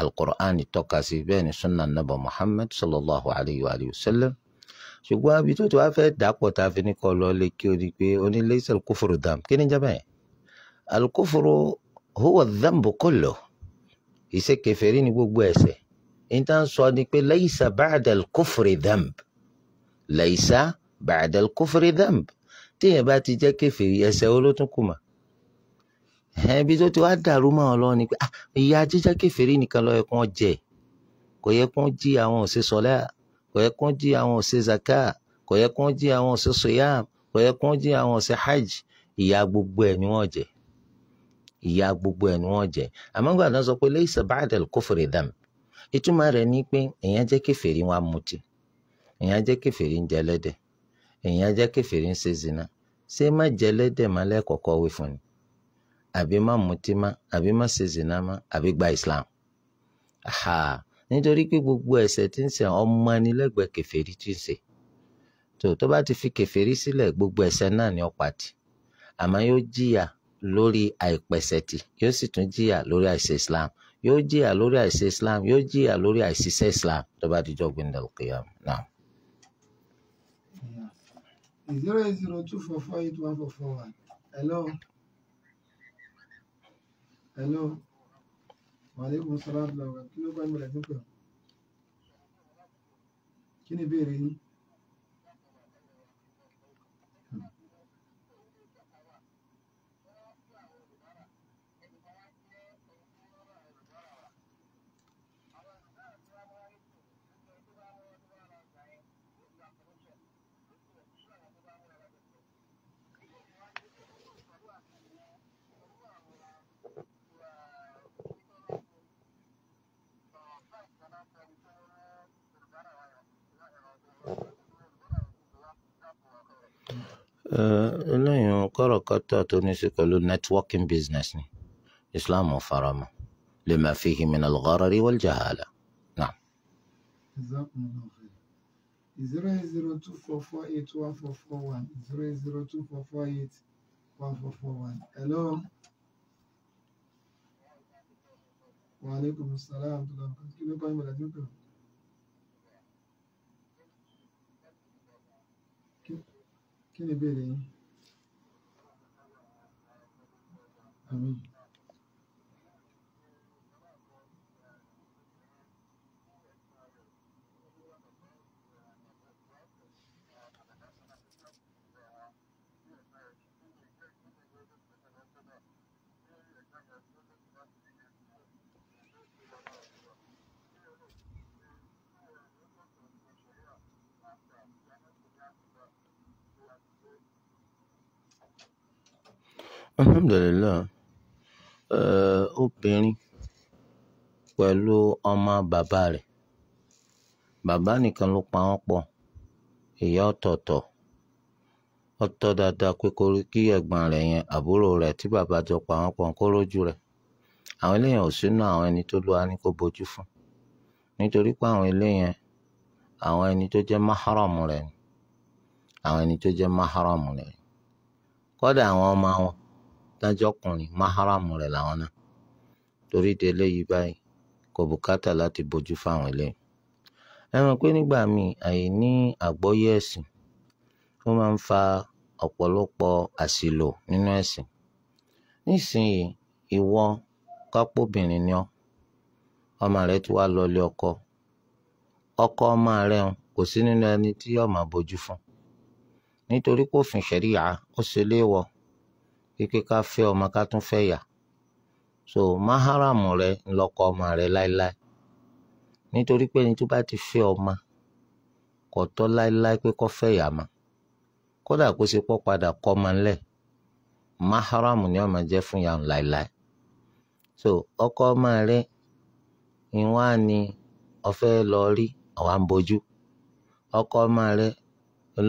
alukur'an tọ́ka sí bẹ́ẹ̀ ni sunna nabà muhammed sallallahu alayhi wa sallam ṣùgbọ́n àbí tó ti wá fẹ́ dàpọ̀ tá a fi ní kọ́ lọ lè kí o di pé onílé ìṣẹ̀lẹ̀ kófòrò dàm kí ni jábẹ́ alukófòrò huwa dhanbu kullu ìṣe kèfèrí ni gbogbo ẹ̀ṣẹ̀ níta ń sọ ni pé laysa ba'da al-kufri dhanb laysa ba'da al-kufri dhanb téèyàn bá ti jẹ́ kèfèrí ẹ̀ṣẹ̀ olótùnkùmá ibi tó ti wá dàrú mọ́ ọ lọ ni pé ah, ìyà jíjẹ kèfèrí nìkan ló yẹ kán jẹ kò yẹ kán jí àwọn ò ṣe sọlá kò yẹ kán jí àwọn ò ṣe zaka kò yẹ kán jí àwọn ò ṣe kò yẹ kán jí àwọn ò hajj ìyà gbogbo ẹ̀ ni wọ́n jẹ ìyà gbogbo ẹ̀ ni wọ́n jẹ àmọ́ gbà tán sọ pé laysa ba'dal kufri dam ìtumọ̀ rẹ̀ ni pé èèyàn jẹ́ kèfèrí wọn mutí èèyàn jẹ́ kèfèrí ń jẹ ẹlẹ́dẹ̀ èèyàn jẹ́ kèfèrí ń ṣe zina ṣé má jẹ ẹlẹ́dẹ̀ má lẹ́kọ̀ọ́kọ́ wí fún ni àbí má mutí má àbí má ṣe má àbí gba islam aha nítorí pé gbogbo ẹ̀ṣẹ̀ tí ń ṣe ọmọ ni lẹ́gbẹ̀ẹ́ kèfèrí tí ń ṣe tó tó bá ti fi kèfèrí sílẹ̀ gbogbo ẹ̀ṣẹ̀ náà ni ó pàtì àmọ́ yóò jìyà lórí àìpẹ̀sẹ̀tì yóò sì tún jìyà lórí àìṣe islam yóò jìyà lórí àìṣe islam yóò jìyà lórí àìṣiṣẹ́ islam tó bá dijọ́ gbẹ̀ndẹ̀ òkèèyàn náà. zero eight zero two four four eight one four four one hello. Hello. Wàlékún sọ́lá àbúlọ̀ kí ló bá ń bẹ̀rẹ̀ sí Kí ni ìbéèrè yín? eléyìí kọ́rọ̀kátà tó ní sí pẹ̀lú networking business ni islam ò fara mọ́ lè máa fi hìmí náà lọ́gọ́rọ́ rí wọ́n zero two four four eight salaam kí ló kọ́ ìmọ̀lẹ́ tó kàn. Que liberei. Amém. Alhamdulillah, eh, obìnrin pẹ̀lú ọmọ bàbá rẹ̀. Bàbá nìkan ló pa wọ́n pọ̀, ìyá ọ̀tọ̀ọ̀tọ̀. Ó tọ́ dáadáa pé kó rí kí ẹ̀gbọ́n rẹ̀ yẹn àbúrò rẹ̀ tí bàbá jọ pa wọ́n pọ̀ kó rójú rẹ̀. Àwọn eléyàn ò sínú àwọn ẹni tó Olúwa ní kó bojú fún. Nítorí pé àwọn eléyàn, àwọn ẹni tó jẹ́ mahram rẹ̀ Àwọn ẹni tó jẹ́ mahram rẹ̀ ni. àwọn ọmọ wọn dájọ́ ọkùnrin máhàrámù rẹ̀ làwọn náà torí de eléyìí báyìí kò bùkátà láti bójú fáwọn eléyìí. ẹ mọ̀ pé nígbà míì àìní àgbọ́yé ẹ̀sìn ó máa ń fa ọ̀pọ̀lọpọ̀ àṣìlò nínú ẹ̀sìn nísìnyí ìwọ kápóbìnrin ni ọ́ ọmọ rẹ ti wá lọlé ọkọ ọkọ ọmọ rẹ kò sí nínú ẹni tí yóò máa bójú fún nítorí kófin ṣẹ̀ríyà ó ṣe léèwọ̀ wípé ká fẹ́ ọmọ ká tún fẹ́ yà so maharamu rẹ ńlọkọ ọmọ rẹ láéláé nítorí pé ẹni tó bá ti fẹ́ ọmọ kò tọ́ láéláé pé kó fẹ́ yà má kódà kó ṣe pọ́ padà kọ́ ọmọ ńlẹ̀ maharamu ni ọmọ jẹ́ fún yàrá láéláé so ọkọ ọmọ rẹ ìwọ́n á ní ọ̀fẹ́ lọ rí ọ̀wá ń bójú ọkọ ọmọ rẹ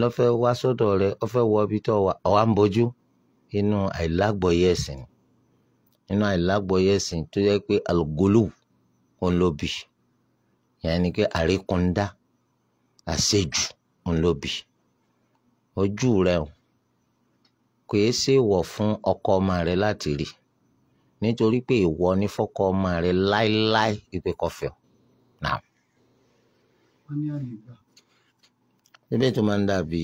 lọ́fẹ́ wá sọ́dọ̀ rẹ ọ̀fẹ́ wọ ibi tó wà ọ̀wá ń bójú. inú àìlágbọ̀yé ẹ̀sìn inú àìlágbọ̀yé ẹ̀sìn tó yẹ pé alugolu ń lo bì yẹn ni pé àríkúndá àṣejù ń ojú rẹ o kò yẹ ṣe wọ̀ fún ọkọ ọmọ rẹ láti rí nítorí pé ìwọ ní fọkọ ọmọ rẹ láéláé ìpè kọfẹ náà. wọ́n ní àlè gbà. ebí ètò máa ń dàbí.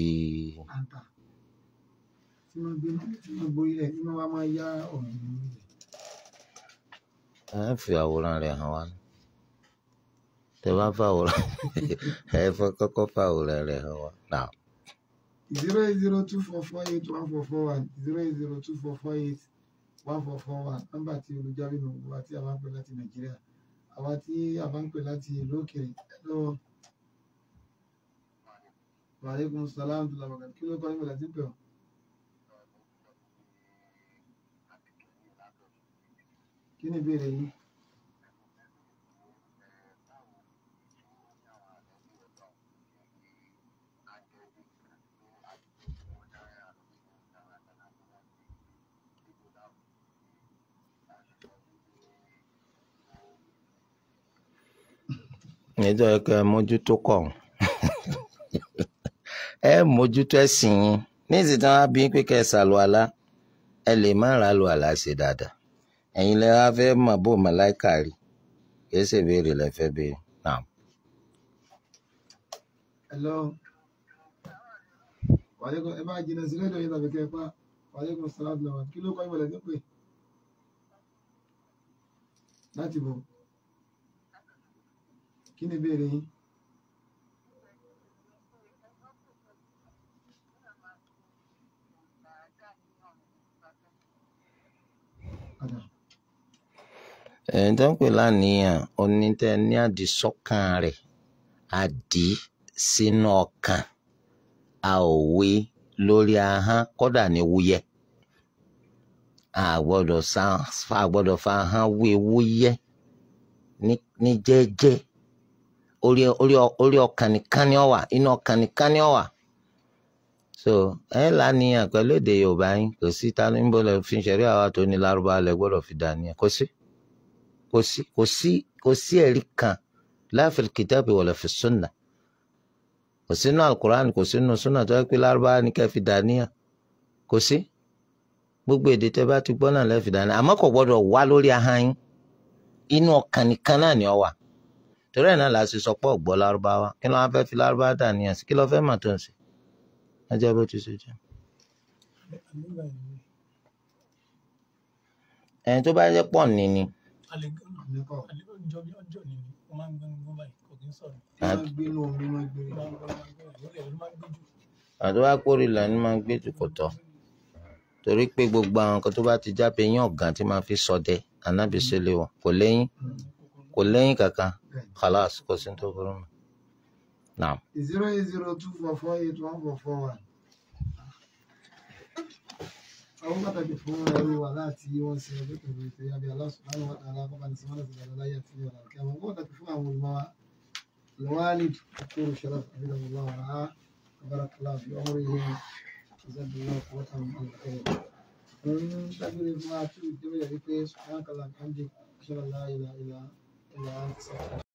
tí wọ́n gbé tí wọ́n borí rẹ̀ tí wọ́n wá máa yá ọ̀rọ̀ ìlú rẹ̀. ẹ fi àwòrán rẹ̀ hàn wá tẹ bá fàwòrán ẹ fọ kọ́kọ́ fàwòrán rẹ̀ hàn wá náà. zero eight zero two four four eight one four four one zero eight zero two four four eight one four four one nọ́mbà tí olùjábí mi wà tí a bá ń pè láti nàìjíríà àwa tí a bá ń pè láti ìlú òkèèrè lọ́wọ́. wàhálà ìkùn sàlámù tó làwọn kí ló kọ́ nígbà tí ń pè ọ́. Quem ni ìbéèrè yín. níjọ́ yẹ kẹ́ ẹ mójútó kọ̀ ẹ mójútó ẹ̀sìn yín ní ìsìn tí wọ́n á bí pé kẹ́ ẹ ṣàlùwàlá ẹ lè má ra àlùwàlá ṣe dáadáa ẹ̀yin lẹ wá fẹ́ mọ̀ bó màláìkà rí kìí ṣe ìbéèrè lẹ fẹ́ béèrè náà. hello wàlẹ́kùn ẹ bá jìnnà sí lẹ́dọ̀ yìí tàbí kẹ́ ẹ pa wàlẹ́kùn sàlámù lọ́wọ́ kí ló kọ́ ìmọ̀lẹ́ ní pè láti bọ̀ kí ni ìbéèrè yín. Adam. ẹni tó a pè láníyàn onítẹ ní àdìsọ́kàn rẹ̀ si sínú a o wí lori ahọ́n kódà ní a gbọ́dọ̀ sa a fa ahọ́n wí wúyẹ́ ori ọ ọ so ẹ Yorùbá yín kò si ta fi ń ṣẹ̀rí awa to ni lárúbá fi kò kò sí kò sí ẹ̀rí kan la fil kitabi fi sunna kò sínú alukur'an kò sínú sunna tó yẹ pé lárúbáwá ni fi dàníyàn kò sí gbogbo èdè tẹ bá ti gbọ́ náà lẹ́ fi dàníyàn àmọ́ kò gbọ́dọ̀ wá lórí ahọ́n inú ọkàn ni ọ wà torí ẹ̀ náà la sọ pé ọ̀gbọ́ kí ló wá fẹ́ fi dàníyàn sí kí mà tó alẹ́gbọ́n ọjọ́ bí ọjọ́ ni ni ó máa ń gbé gbó báyìí kò kí ń sọ̀rọ̀. máa ń gbé inú omi máa ń gbé máa ń gbé ló máa ń gbé jù. àti wá pòrí ìlànà máa ń gbé jù kò tọ́ torí pé gbogbo àwọn nǹkan tó bá ti jáde yín ọ̀gàn tí máa fi sọdẹ anábìsílẹ̀ wọn kò lẹ́yìn kò lẹ́yìn kankan kàlás kò sí tó burú mi. zero eight zero two four four eight one four four one àwọn pàtàkì fún ẹrú wa láti wọ́n ṣe ọjọ́ pẹ̀lú ètò yàbí aláṣùmánù wọn tààlà kọ́ba ní sọmọ́nà sí ìdàlọ́ láyé àti ìyọ̀lá kí àwọn pàtàkì fún àwọn olùmọ̀ wa lọ́wọ́lì kúrò ṣẹlẹ̀ àbílẹ̀ ọlọ́wọ́ wa abárakàlá fi ọmọ yìí ìṣẹ́dúnlọ́ kọ́ta ọ̀hún dágbére fún wa tí ìdíwẹ̀ rí pé sùpáǹkàlà kan dé ṣẹlẹ̀ láyé ìlà ìlà ìlà